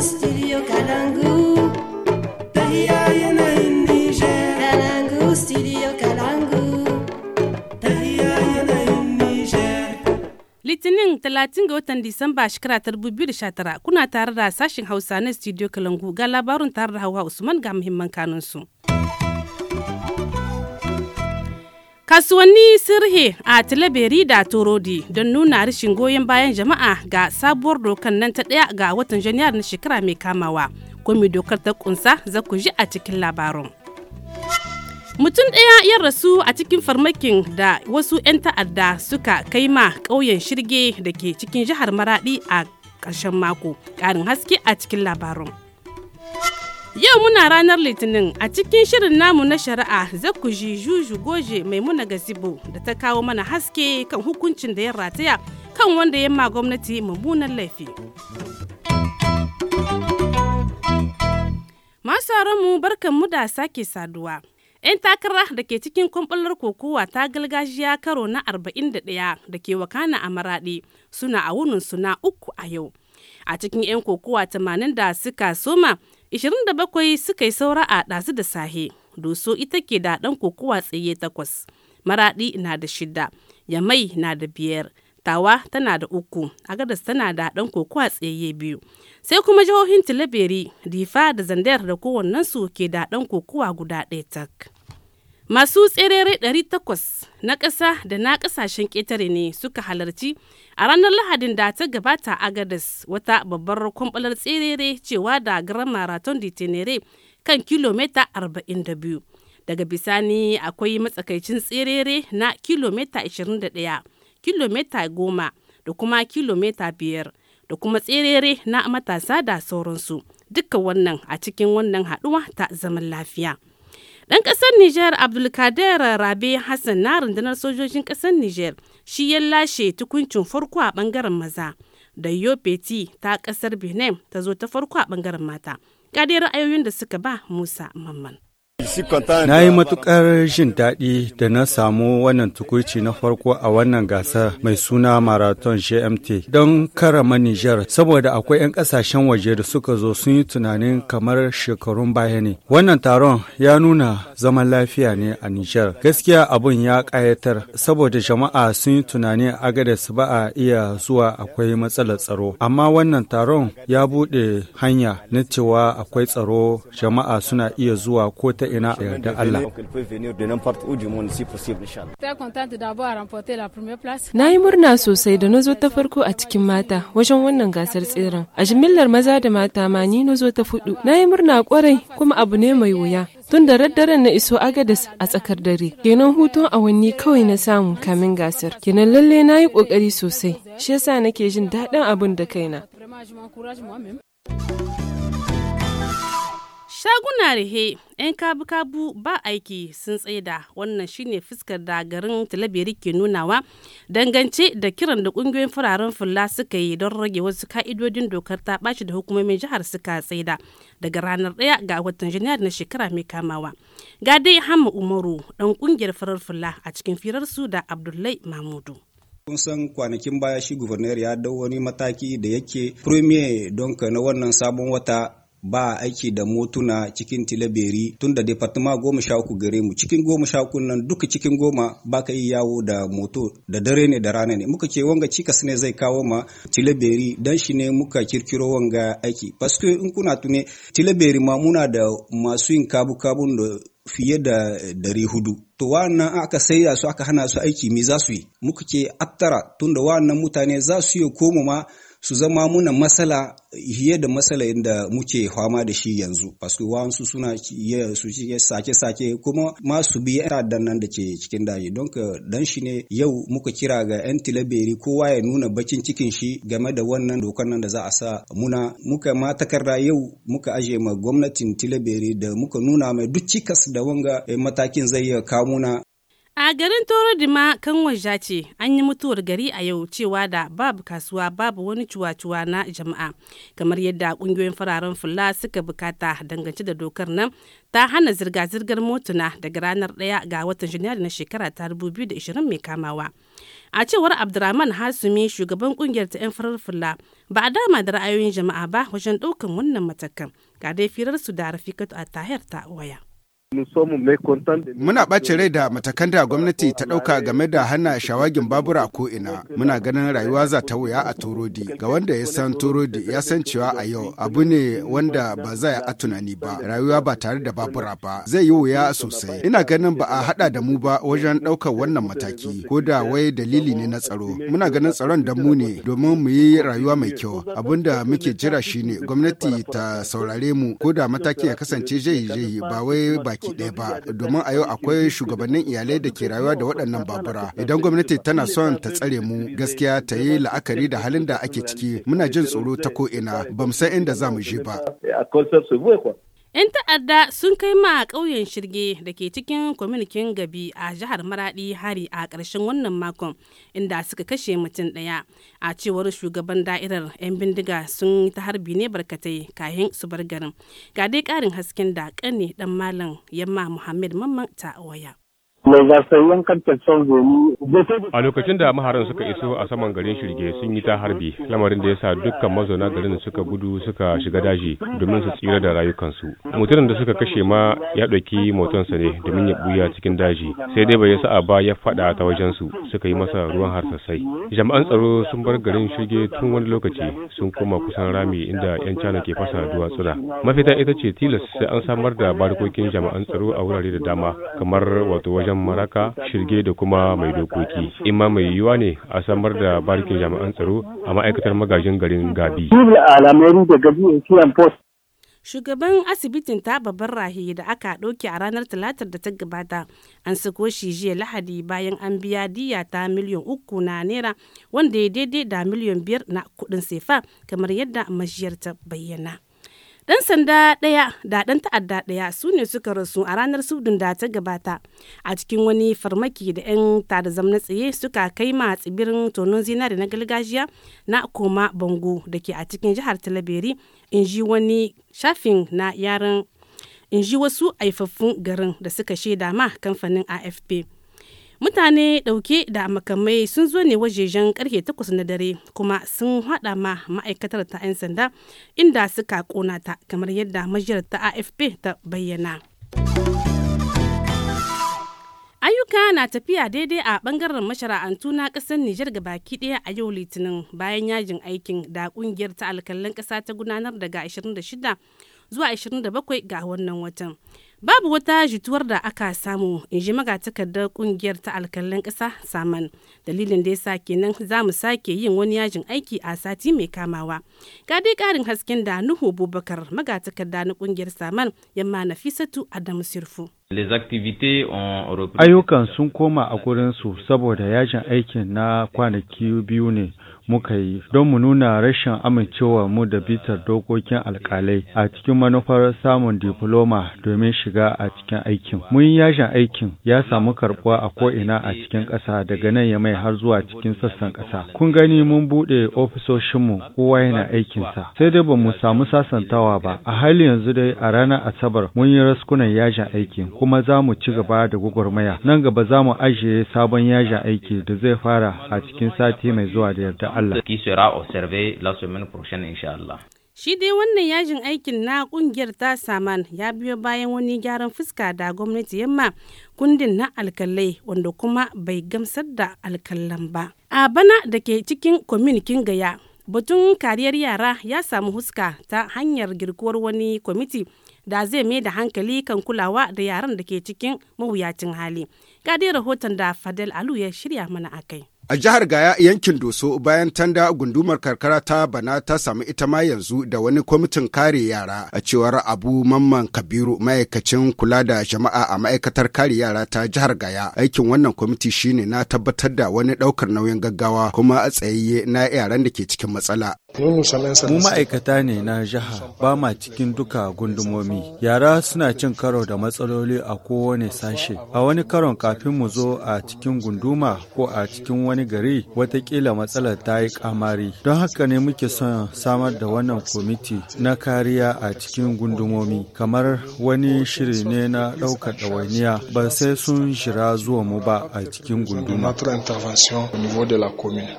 studio Kalangu. Tahiya yanayin Niger. Kalangu studio Kalangu. Niger. Disamba shekara kuna tare da sashen Hausa na studio Kalangu ga labarin tare da Hauwa Usman ga muhimman kanunsu. su. kasuwanni sirhe a talaberi da torodi don nuna rashin goyon bayan jama'a ga sabuwar dokar nan ta daya ga watan janairu na shekara mai kamawa komi dokar ta kunsa za ku ji a cikin labarin mutum ɗaya ya rasu a cikin farmakin da wasu 'yan ta'adda suka kai ma ƙauyen shirge da ke cikin jihar maradi a ƙarshen mako ƙarin haske a cikin labarin Yau muna ranar Litinin a cikin shirin namu na shari'a za ku ji Juju Goje mai muna Gazibo da ta kawo mana haske kan hukuncin da ya rataya kan wanda ya ma gwamnati mummunan laifi. Masu mu barkan mu da sake saduwa. 'Yan takara da ke cikin kwamfular kokowa ta galgajiya karo na arba'in da da ke wakana a maraɗi suna a wunin suna uku a yau. A cikin 'yan kokowa tamanin da suka soma 27 suka yi saura a ɗazu da sahe. Doso ita ke da ɗan kokowa tsaye takwas. Maraɗi na da shida. Yamai na da biyar. Tawa tana da uku. Agadas tana da ɗan kokowa tsaye biyu. Sai kuma jihohin Tilaberi, rifa da Zandayar da kowannensu ke da ɗan kokowa guda ɗaya tak. Masu tserere 800 na ƙasa da na ƙasashen ƙetare ne suka halarci a ranar Lahadin da ta gabata a Gadas wata babbar kwambalar tserere cewa da garan Marathon de Tenere kan kilomita 42. Daga bisani akwai matsakaicin tserere na kilomita 21, kilomita 10 da kuma kilomita 5 da kuma tserere na matasa da sauransu. Duka wannan a cikin wannan haɗuwa ta zaman lafiya. Ɗan ƙasar Nijar Abdulkader Rabe Hassan na rundunar sojojin ƙasar Nijar shi ya lashe tukuncin farko a ɓangaren maza da Yopeti ta ƙasar Benin ta zo ta farko a ɓangaren mata. kadai ra'ayoyin da suka ba Musa Mamman. Na yi matukar jin daɗi da na samu wannan tukuci na farko a wannan gasar mai suna Marathon GMT don karama Nijar saboda akwai 'yan ƙasashen waje da suka zo sun yi tunanin kamar shekarun baya ne. Wannan taron ya nuna zaman lafiya ne a Nijar. Gaskiya abun ya ƙayatar saboda jama'a sun yi tunani a su ba a iya zuwa akwai matsalar tsaro. Amma wannan taron ya buɗe hanya na cewa akwai tsaro jama'a suna iya zuwa ko ta ina da yarda Allah. Na yi murna sosai da nazo ta farko a cikin mata wajen wannan gasar tseren. A jimillar maza da mata ma ni nazo ta fudu. Na yi murna kwarai kuma abu ne mai wuya. Tun da daren na iso Agadas a tsakar dare, kenan hutun awanni kawai na samu kamin gasar. Kenan lalle na yi ƙoƙari sosai, shi yasa nake jin daɗin abin da kaina. shaguna rihe 'yan kabu-kabu ba aiki sun tsaida wannan shine fuskar da garin talabiri ke nunawa dangance da kiran da kungiyoyin fararen fulla suka yi don rage wasu ka'idodin dokar ta ɓaci da hukumomin jihar suka tsaida daga ranar ɗaya ga watan janairu na shekara mai kamawa ga dai hamma umaru dan kungiyar farar fulla a cikin su da abdullahi mahmudu. kun san kwanakin baya shi gubernar ya dau wani mataki da yake premier don na wannan sabon wata ba aiki da motuna cikin tilaberi tun da departama goma sha uku gare mu cikin goma sha uku nan duka cikin goma ba ka yi yawo da moto da dare ne da rana ne muka ce wanga cikas ne zai kawo ma tilaberi dan shi ne muka kirkiro wanga aiki paske in kuna tune tilaberi ma muna da masu yin kabu kabun da fiye da dari hudu. To wannan aka saida su aka hana su aiki me za su yi? Muka ce attara tunda wannan mutane za su iya koma ma su zama muna matsala hiye da masala da muke fama da shi yanzu paske wasu suna su sake-sake kuma ma su bi ta'addan nan da ke cikin daji don dan shi ne yau muka kira ga 'yan tilaberi kowa ya nuna bakin cikin shi game da wannan dokar nan da za a sa muna muka ma takarda yau muka aje ma gwamnatin tilaberi da muka nuna mai duk cikas da wanga eh, matakin zai iya kamuna A garin toro dima kan wajja ce an yi mutuwar gari a yau cewa da babu kasuwa babu wani cuwa-cuwa na jama'a kamar yadda kungiyoyin fararen fula suka bukata dangance da dokar nan ta hana zirga-zirgar motuna daga ranar ɗaya ga watan Janairu na shekara ta da 2020 mai kamawa. A cewar Abdurrahman Hasumi shugaban kungiyar ta 'yan farar fula ba a dama da ra'ayoyin jama'a ba wajen ɗaukan wannan matakan ga dai firar su da Rafikatu a tahir ta waya. Muna ɓace rai da matakan da gwamnati ta ɗauka game da hana shawagin babura ko ina. Muna ganin rayuwa za ta wuya a Torodi. Ga wanda ya san Torodi ya san cewa a yau abu ne wanda ba za a tunani ba. Rayuwa ba tare da babura ba zai yi wuya sosai. Ina ganin ba a haɗa da mu ba wajen ɗaukar wannan mataki ko da wai dalili ne na tsaro. Muna ganin tsaron da mu ne domin mu yi rayuwa mai kyau. Abin da muke jira shine gwamnati ta saurare mu ko da mataki ya kasance zai jehi ba wai baki baki ɗaya ba domin a yau akwai shugabannin iyalai da ke rayuwa da waɗannan babura idan gwamnati tana son ta tsare mu gaskiya ta yi la'akari da halin da ake ciki muna jin tsoro ta ko ina mu san inda za mu je ba. 'Yan ta'adda sun kai ma ƙauyen Shirge da ke cikin kwaminikin Gabi a jihar Maradi hari a ƙarshen wannan makon inda suka kashe mutum ɗaya. A cewar shugaban da'irar 'yan bindiga sun yi ta harbi ne barkatai kayan su bar garin. Ga dai ƙarin hasken da ƙane ɗan malam Yamma Muhammad Mamman ta waya. A lokacin da maharan suka iso a saman garin Shirge sun yi ta harbi, lamarin da ya sa dukkan mazauna garin suka gudu suka shiga daji domin su tsira da rayukansu. Mutumin da suka kashe ma ya ɗauki motonsa ne domin ya buya cikin daji, sai dai bai a ba ya faɗa ta wajen su suka yi masa ruwan har sosai. jama'an tsaro sun bar garin Shirge tun wani lokaci sun koma kusan rami inda 'yan cana ke fasa duwatsuna. Mafita ita ce tilas sai an samar da barkokin jama'an tsaro a wurare da dama kamar wato wajen maraka shirge da kuma mai dokoki in mai yiwuwa ne a samar da barikin jami'an tsaro a ma'aikatar magajin garin gabi shugaban asibitin ta babban rahi da aka ɗauke a ranar talatar da ta gabata an sako shi jiya lahadi bayan an biya diya ta miliyan uku na naira wanda ya daidai da miliyan biyar na kuɗin sefa kamar yadda majiyar ta bayyana dan sanda ɗaya da ɗan ta'adda ɗaya su ne suka rasu a ranar sudun da ta gabata a cikin wani farmaki da 'yan tada zamna tsaye suka kai ma tsibirin tonon zinari na galgajiya na koma bango da ke a cikin jihar talabiri in ji wani shafin na yaran in ji wasu aifaffun garin da suka shaida ma kamfanin afp mutane dauke da makamai sun zo ne wajejen karfe takwas na dare kuma sun hada ma ma'aikatar ta 'yan sanda inda suka kona ta kamar yadda majiyar ta afp ta bayyana ayyuka na tafiya daidai a bangaren mashara'antu na kasar Nijar ga baki daya a yau litinin bayan yajin aikin da kungiyar ta alkalin kasa ta gudanar daga 26 zuwa 27 ga wannan watan babu wata jituwar da aka samu in ji magatakardar kungiyar ta alkalin ƙasa saman dalilin da ya sa kenan za mu sake yin wani yajin aiki a sati mai kamawa ga dai ƙarin hasken da nuhu bubakar magatakarda na kungiyar saman yamma fisatu adamu sirfu Ayyukan sun koma a gurinsu saboda yajin aikin na kwanaki biyu ne muka yi don mu nuna rashin amincewa mu da bitar dokokin alkalai a cikin manufar samun diploma domin shiga a cikin aikin. Mun yi yajin aikin ya samu karbuwa a ko'ina a cikin ƙasa daga nan ya mai har zuwa cikin sassan ƙasa. Kun gani mun buɗe ofisoshinmu kowa yana aikinsa. Sai dai ba mu samu sasantawa ba. A hali yanzu dai a ranar Asabar mun yi raskunan yajin aikin kuma za mu ci gaba da gwagwarmaya. Nan gaba za mu ajiye sabon yajin aiki da zai fara a cikin sati mai zuwa da yarda Allah Ki sera observer la semaine prochaine insha Shi dai wannan yajin aikin na kungiyar ta saman ya biyo bayan wani gyaran fuska da gwamnati yamma kundin na alkalai wanda kuma bai gamsar da alkalan ba. A bana da ke cikin kwaminikin gaya batun kariyar yara ya samu huska ta hanyar girkuwar wani kwamiti da zai mai da hankali kan kulawa da yaran da ke cikin mawuyacin hali. Ga dai rahoton da Fadel Alu ya shirya mana akai. A jihar Gaya yankin Doso bayan tanda gundumar karkara ta Bana ta samu ita ma yanzu da wani kwamitin kare yara a cewar Abu Mamman Kabiru ma'aikacin kula da jama'a a ma'aikatar kare yara ta jihar Gaya. Aikin wannan kwamiti shine na tabbatar da wani ɗaukar nauyin gaggawa kuma a tsayayye na yaran da ke cikin matsala. Mu ma'aikata ne na jiha ba ma cikin duka gundumomi. Yara suna cin karo da matsaloli a kowane sashe. A wani karon kafin mu zo a cikin gunduma ko a cikin wani gari watakila matsalar ta yi kamari. Don haka ne muke son samar da wannan kwamiti na kariya a cikin gundumomi. Kamar wani shiri ne na ɗaukar ɗawainiya ba sai sun shira zuwa mu ba a cikin gunduma.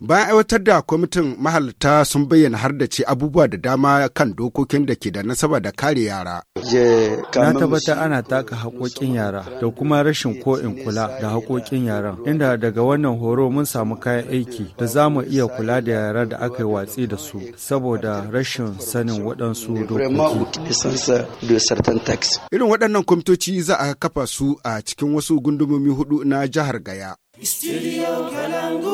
Bayan aiwatar da kwamitin mahalarta sun bayyana har da ce abubuwa da dama kan dokokin da ke da nasaba da kare yara. Na tabbata ana taka haƙoƙin yara da kuma rashin ko'in kula da haƙoƙin yaran, inda daga wannan horo mun samu kayan aiki da za mu iya kula da yara da aka yi watsi da su saboda rashin sanin waɗansu dokoki. Irin waɗannan kwamitoci za a kafa su a cikin wasu gundumomi hudu na jihar Gaya. Studio Kalangu.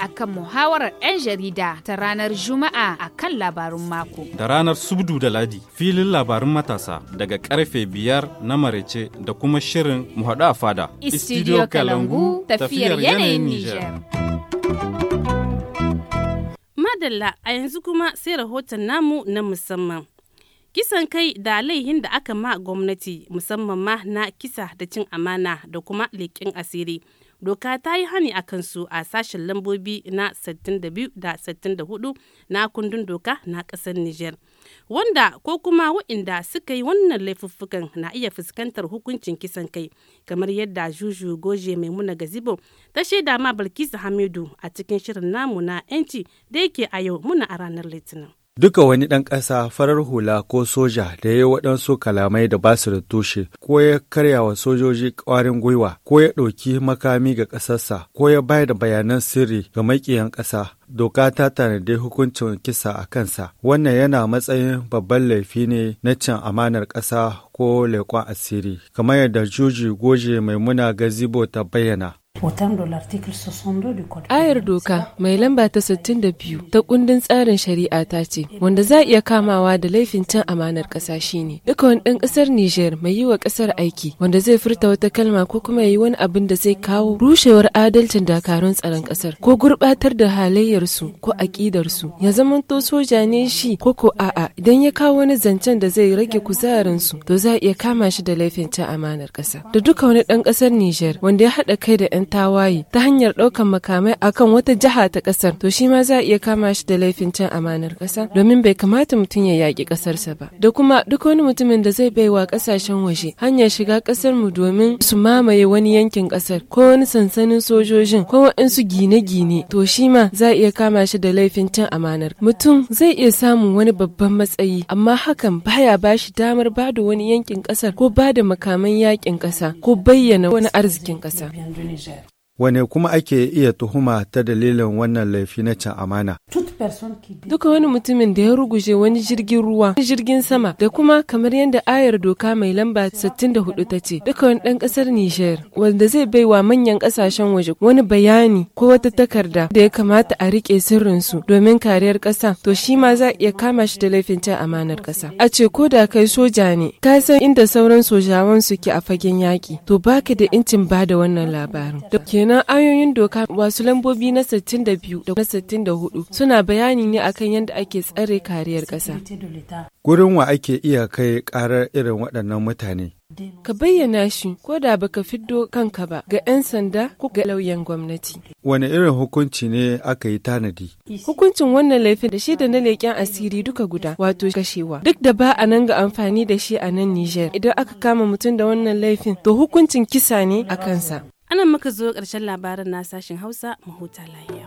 akan muhawarar 'yan jarida ta ranar Juma'a a kan labarun mako. Da ranar Subdu da Ladi filin labarun matasa daga karfe biyar na marece da kuma shirin muhaɗu a fada. Istidiyo Kalangu tafiyar yanayin Nijar. Madalla a yanzu kuma sai rahoton namu na musamman. kisan kai da laihin da aka ma gwamnati musamman ma na kisa da cin amana da kuma leƙin asiri doka ta yi hani a kansu a sashen lambobi na 62 da 64 na kundin doka na kasar Nijar. Wanda ko kuma waɗanda suka yi wannan laifuffukan na iya fuskantar hukuncin kisan kai kamar yadda Juju Goje muna Gazibo ta shaida ma Bilkisu Hamidu a cikin shirin namu na 'yanci da yake a yau muna a ranar Litinin. Duka wani ɗan ƙasa farar hula ko soja da ya yi waɗansu kalamai da basu da tushe, ko ya karya wa sojoji ƙwarin gwiwa, ko ya ɗauki makami ga ƙasarsa, ko ya bayar da bayanan sirri ga maƙiyan ƙasa, doka ta tanadi hukuncin kisa a kansa wannan yana matsayin babban laifi ne na cin amanar ƙasa ko leƙon asiri kamar yadda juji goje maimuna gazibo ta bayyana Ayar doka mai lamba ta 62 ta kundin tsarin shari'a ta ce wanda za iya kamawa da laifin cin amanar ƙasa ne, duka wani ɗan ƙasar Nijar mai yi wa ƙasar aiki wanda zai furta wata kalma ko kuma yi wani abin da zai kawo rushewar adalcin dakarun tsaron ƙasar ko gurbatar da halayyarsu ko aƙidarsu ya zamanto soja ne shi ko ko a'a idan ya kawo wani zancen da zai rage kuzarinsu to za iya kama shi da laifin cin amanar ƙasa da duka wani ɗan ƙasar Nijar wanda ya haɗa kai da 'yan tawaye ta hanyar ɗaukan makamai akan wata jiha ta ƙasar to shi ma za a iya kama shi da laifin cin amanar ƙasa domin bai kamata mutum ya yaƙi ƙasarsa ba da kuma duk wani mutumin da zai baiwa ƙasashen waje hanyar shiga ƙasar mu domin su mamaye wani yankin ƙasar ko wani sansanin sojojin ko waɗansu gine-gine to shi ma za a iya kama shi da laifin cin amanar mutum zai iya samun wani babban matsayi amma hakan baya bashi damar ba da wani yankin ƙasar ko ba da makaman yaƙin ƙasa ko bayyana wani arzikin ƙasa. wane kuma ake iya tuhuma ta dalilin wannan laifi na cin amana. Duka wani mutumin da ya ruguje wani jirgin ruwa, jirgin sama da kuma kamar yadda ayar doka mai lamba 64 ta ce duka wani ɗan ƙasar Nijar wanda zai bai wa manyan ƙasashen waje wani bayani ko wata takarda da ya kamata a riƙe sirrinsu domin kariyar ƙasa to shi ma za iya kama shi da laifin cin amanar ƙasa. A ce ko da kai soja ne ka san inda sauran sojawan suke a fagen yaƙi to baka da incin ba da wannan labarin. Kenan ayoyin doka wasu lambobi na 62 da na 64 suna bayani ne akan yadda ake tsare kariyar ƙasa. Gurin wa ake iya kai ƙarar irin waɗannan mutane? Ka bayyana shi ko da baka fiddo kanka ba ga 'yan sanda ko ga lauyan gwamnati. Wane irin hukunci ne aka yi tanadi? Hukuncin wannan laifin da shi da na leƙen asiri duka guda wato kashewa. Duk da ba a nan ga amfani da shi a nan Nijar idan aka kama mutum da wannan laifin to hukuncin kisa ne a kansa. anan muka zo ƙarshen labarin na sashen hausa mahuta lahiya